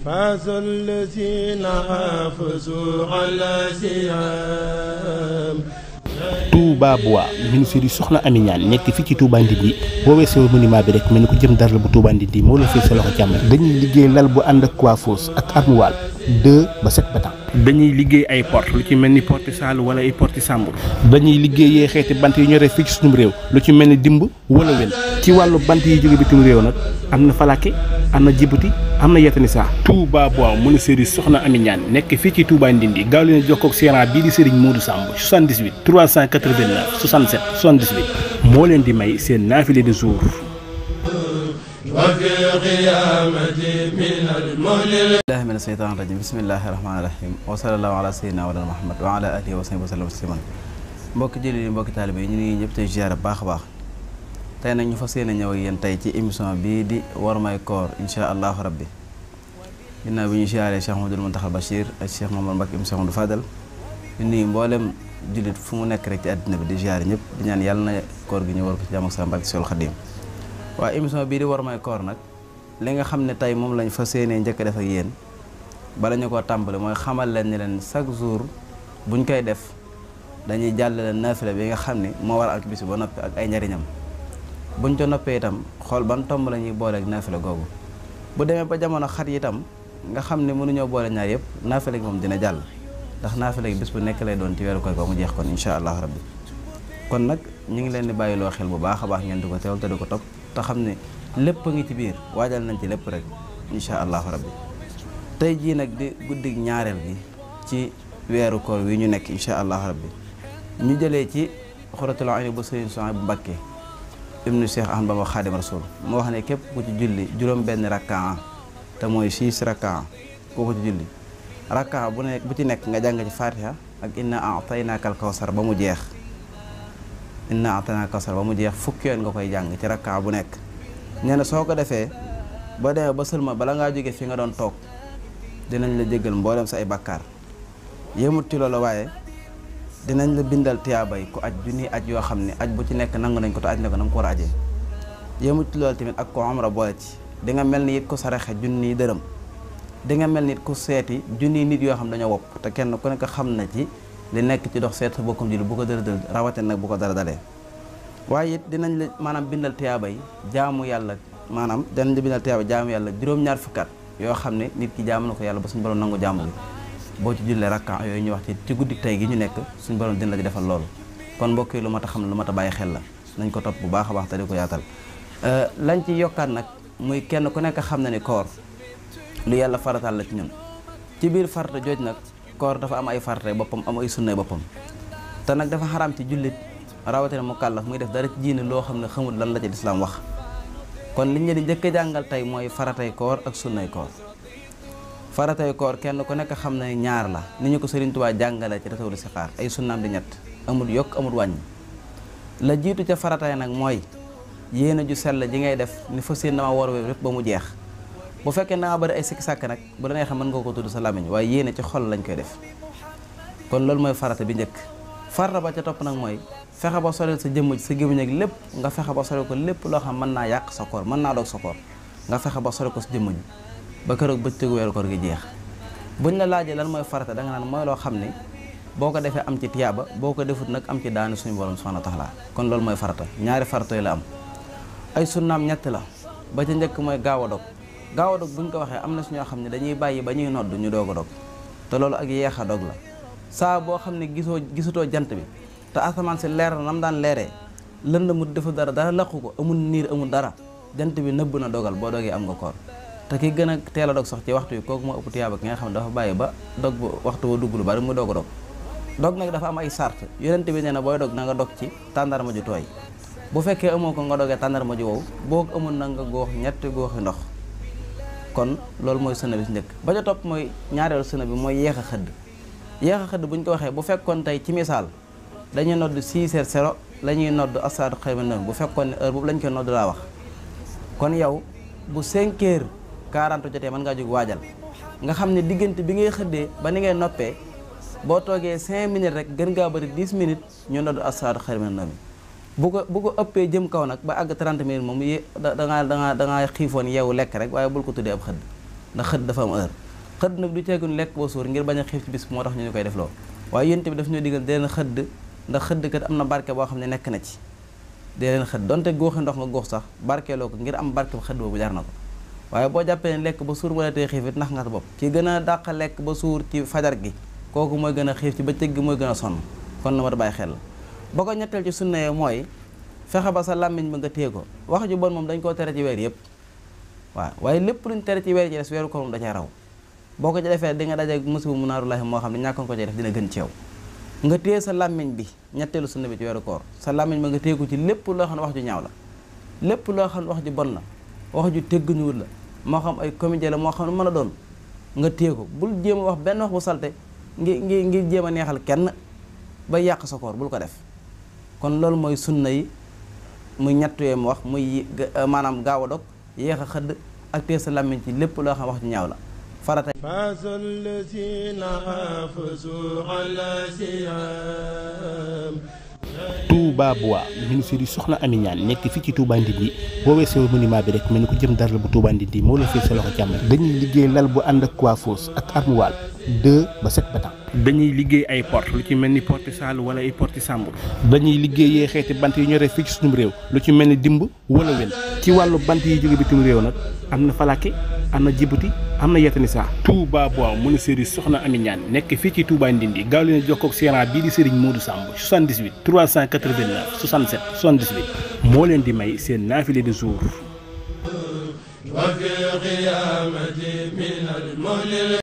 فاز الذين حافظوا على الصيام Touba Bois ministère yi soxna Ami nekk fii ci Touba Ndindi boo weesoo monument bi rek mel ni ko jëm dara la bu Touba Ndindi moo la fee sa loxo càmm dañuy liggéey lal bu ànd ak coiffeuse ak armoire deux ba sept battant dañuy liggéey ay porte lu ci mel ni porte saalu wala ay porte sàmbur dañuy liggéeyee xeeti bant yi ñoree fii ci suñu réew lu ci mel ni dimb wala wel ci wàllu bant yi jóge bitim réew nag am na falake am na jibuti am na yettani saa Touba Bois menuiserie soxna Ami Ñaan nekk fii ci Touba Ndindi gaaw leen jokkoo ak gérant bii di Serigne Modou Samb 78 389 67 78 moo leen di may seen naafile de jour محمد من المهلل الله من الشيطان الرجيم بسم الله الرحمن الرحيم وصلى الله على سيدنا ولد محمد وعلى اله وصحبه وسلم تسليما بوك جيلي بوك طالبي ني نيب تاي زياره باخ باخ تاي نيو فاسينا نيو يين تاي تي ايميسيون بي دي وار ماي كور ان شاء الله ربي جينا بي ني زياره الشيخ محمود المنتخب بشير الشيخ محمد مبارك ام سيخ فادل ني مبولم جليت فمو نيك رك تي ادنا بي دي زياره نيب دي نان يالنا كور غي نيو وار كو سلام بارك سول خديم وا ايميسيون بي دي وار li nga xam ne tey moom lañ fa séenee njëkk def yéen bala ñu ko tàmbale mooy xamal leen ni leen chaque jour buñ koy def dañuy jàll jàllale naafila bi nga xam ne moo war ak bis ba noppi ak ay njariñam buñ ca noppee itam xool ban tomb la ñuy booleeg naafila googu bu demee ba jamono xat yi itam nga xam ne mënuñoo boole ñaar yëpp naafila gi moom dina jàll ndax naafila gi bis bu nekk lay doon ci weeru koy ba mu jeex kon incha allah rabbi kon nag ñu ngi leen di bàyyiloo xel bu baax a baax ngeen di ko teewal te ko topp te xam ne lepp a ngi ci bir waajal nañ ci lepp rek insha allah rabbi tay ji nak di guddig ñaarel gi ci wéru koor wi ñu nek insha allah rabbi ñu jëlé ci khuratul ayni bu sayyid sahab Mbakke ibnu Cheikh Ahmad baba khadim Rasul mo wax ne képp ku ci julli juróom ben rak'a ta moy 6 rak'a ko ko ci julli rak'a bu nek bu ci nek nga jang ci fatiha ak inna a'taynaka al-kawsar ba mu jeex inna a'taynaka al-kawsar ba mu jeex fukki nga koy jang ci rak'a bu nek nee na soo ko defee boo demee ba sëlma bala ngaa jóge fii nga doon toog dinañ la jéggal mboolem sa ay bàkkaar yéemut ci loolu waaye dinañ la bindal tiyaabay ku aj junni aj yoo xam ne aj bu ci nekk nangu nañ ko te aj na ko na nga ko war a ajee yéemut ci loolu tamit ak ko omra boole ci di mel ni it ku saraxe junni dërëm di nga mel ni it ku seeti junni nit yoo xam dañoo wopp te kenn ku nekk xam na ci li nekk ci dox seet sa bokkum ji bu ko dara dal rawate nag bu ko dara dalee waaye it dinañ la maanaam bindal tiyaaba yi jaamu yàlla maanaam danañ la bindal tiyaaba jaamu yàlla juróom-ñaar fukkaat yoo xam ne nit ki jaamu na ko yàlla ba suñ borom nangu jaamu gi boo ci jullee rakkan yooyu ñuy wax ci ci guddi tey gi ñu nekk suñ borom dina la ci defal loolu kon mbokk lu mat a xam ne lu mat a bàyyi xel la nañ ko topp bu baax a baax te di ko yaatal euh, lañ ci yokkaat nag muy kenn ku nekk xam na ne koor lu yàlla faratal la ci ñun ci biir farata jooj nag koor dafa am ay farata boppam am ay sunna boppam rawatina mu kàllaf muy def dara ci diine loo xam ne xamul lan la ci lislaam wax kon liñ leen njëkk jàngal tey mooy faratay koor ak sunnay koor faratay koor kenn ku nekk xam ne ñaar la ni ñu ko Sëriñ Tuubaa jàngale ci Risaalatu Sixaar ay sunnaam di ñett amul yokk amul wàññi la jiitu ca faratay nag mooy yéene ju sell ji ngay def ni fa séen dama war wér rek ba mu jeex bu fekkee da nga bari ay sikki sàkk nag bu la neexee mën nga ko tudd sa làmmiñ waaye yéene ci xol lañ koy def kon loolu mooy farata bi njëkk farata ba ca topp nag mooy fexe ba soreel sa jëmm sa gémmiñ ak lépp nga fexe ba soreel ko lépp loo xam mën naa yàq sa koor mën naa doog sa koor nga fexe ba soreel ko sa jëmm ji ba keroog bëccëgu weeru koor gi jeex buñ la laajee lan mooy farata da nga naan mooy loo xam ne boo ko defee am ci tiyaaba boo ko defut nag am ci daani suñu borom subhanahu wa taala kon loolu mooy farata ñaari farata yi la am ay sunnaam ñett la ba ca njëkk mooy gaaw a dog gaaw a bu ñu ko waxee am na suñoo xam ne dañuy bàyyi ba ñuy nodd ñu doog a dog te loolu ak yeex a dog la saa boo xam ne gisoo gisutoo jant bi te asamaan si leer na nam daan leeree lënd mu defu dara dara laqu ko amul niir amul dara jant bi nëbb na dogal boo dogee am nga koor te ki gën a teel a dog sax ci waxtu yi kooku moo ëpp tiyaaba ki nga xam ne dafa bàyyi ba dog bu waxtu wa dugg lu bari mu doog a dog dog nag dafa am ay sart yonent bi nee na booy dog na nga dog ci tàndarma ju tooy bu fekkee amoo ko nga dogee tàndarma ju wow boo ko amul na nga góox ñetti ndox kon loolu mooy sunna bi ba ca topp mooy ñaareelu sunna bi mooy yeex a xëdd yéex xëdd buñ ko waxee bu fekkoon tey ci misaal dañuy nodd 6 heures 0 la ñuy nodd asaadu xayma 9 bu fekkoon ne heure boobu lañ koy nodd laa wax kon yow bu 5 heures 40 jotee man ngaa jóg waajal nga xam ne diggante bi ngay xëddee ba ni ngay noppee boo toogee 5 minutes rek gën ngaa bëri 10 minutes ñu nodd asaadu xayma 9 bu ko bu ko ëppee jëm kaw nag ba àgg 30 minutes moom yé da dangaa dangaa dangaa xiifoon yeewu lekk rek waaye bul ko tuddee ab xëdd ndax xëdd dafa am xëdd nag du ceegul lekk boo suur ngir bañ a xiif ci bis moo tax ñu ñu koy def loo waaye yént bi daf ñoo digal dee xëdd ndax xëdd kat am na barke boo xam ne nekk na ci dee leen xëdd donte góoxi ndox nga góox sax barkeeloo ko ngir am barke bu xëdd boobu jar na ko waaye boo jàppee ne lekk ba suur wala tey xiif it ndax nga sa bopp ki gën a dàq lekk ba suur ci fajar gi kooku mooy gën a xiif ci bëccëg gi mooy gën a sonn kon na war a bàyyi xel ba ko ñetteel ci sunna yi mooy fexe ba sa làmmiñ ba nga téye ko wax ju bon moom dañ koo tere ci yëpp waaw waaye lépp luñ tere ci weer ci des weeru ko moom da raw boo ko ci defee di nga dajeeg musiba mu moo xam ne ñàkkoon ko ci def dina gën ci yow nga téye sa làmmiñ bi ñetteelu sunna bi ci weeru koor sa làmmiñ bi nga téye ko ci lépp loo xam ne lépp loo xam ne wax ju bon la wax ju tegguñuwul la moo xam ay comédie la moo xam ne mën a doon nga téye ko bul jéem a wax benn wax bu salte ngi ngi ngir jéem a neexal kenn ba yàq sa koor bul ko def kon loolu mooy sunna yi muy ñett yooyu mu wax muy maanaam gaaw a dog yéex a xëdd ak téye sa làmmiñ ci lépp loo xam wax ju ñaaw la farata Touba Bois ministère yi soxna Ami nek fi ci Touba bo boo weesoo monument bi rek melni ko jëm dara bu Touba Ndindi mo la fee sa loxo càmm dañuy liggéey lal bu and ak coiffeuse ak armoire 2 ba 7 battant dañuy liggéey ay porte lu ci melni porte saal wala ay porte sàmbur dañuy liggéeyee xéti bant yi ñoree fi ci suñu réew lu ci melni ni dimb wala wel ci walu bant yi jóge bitim réew nag am na falake am na am na yettani saa Touba Bois menuiserie Soxna Ami Ñaan nekk fii ci Touba Ndindi gaaw leen jokkoo ak gérant bii di Serigne Modou Samb 78 389 67 78 moo leen di may seen naafile du jour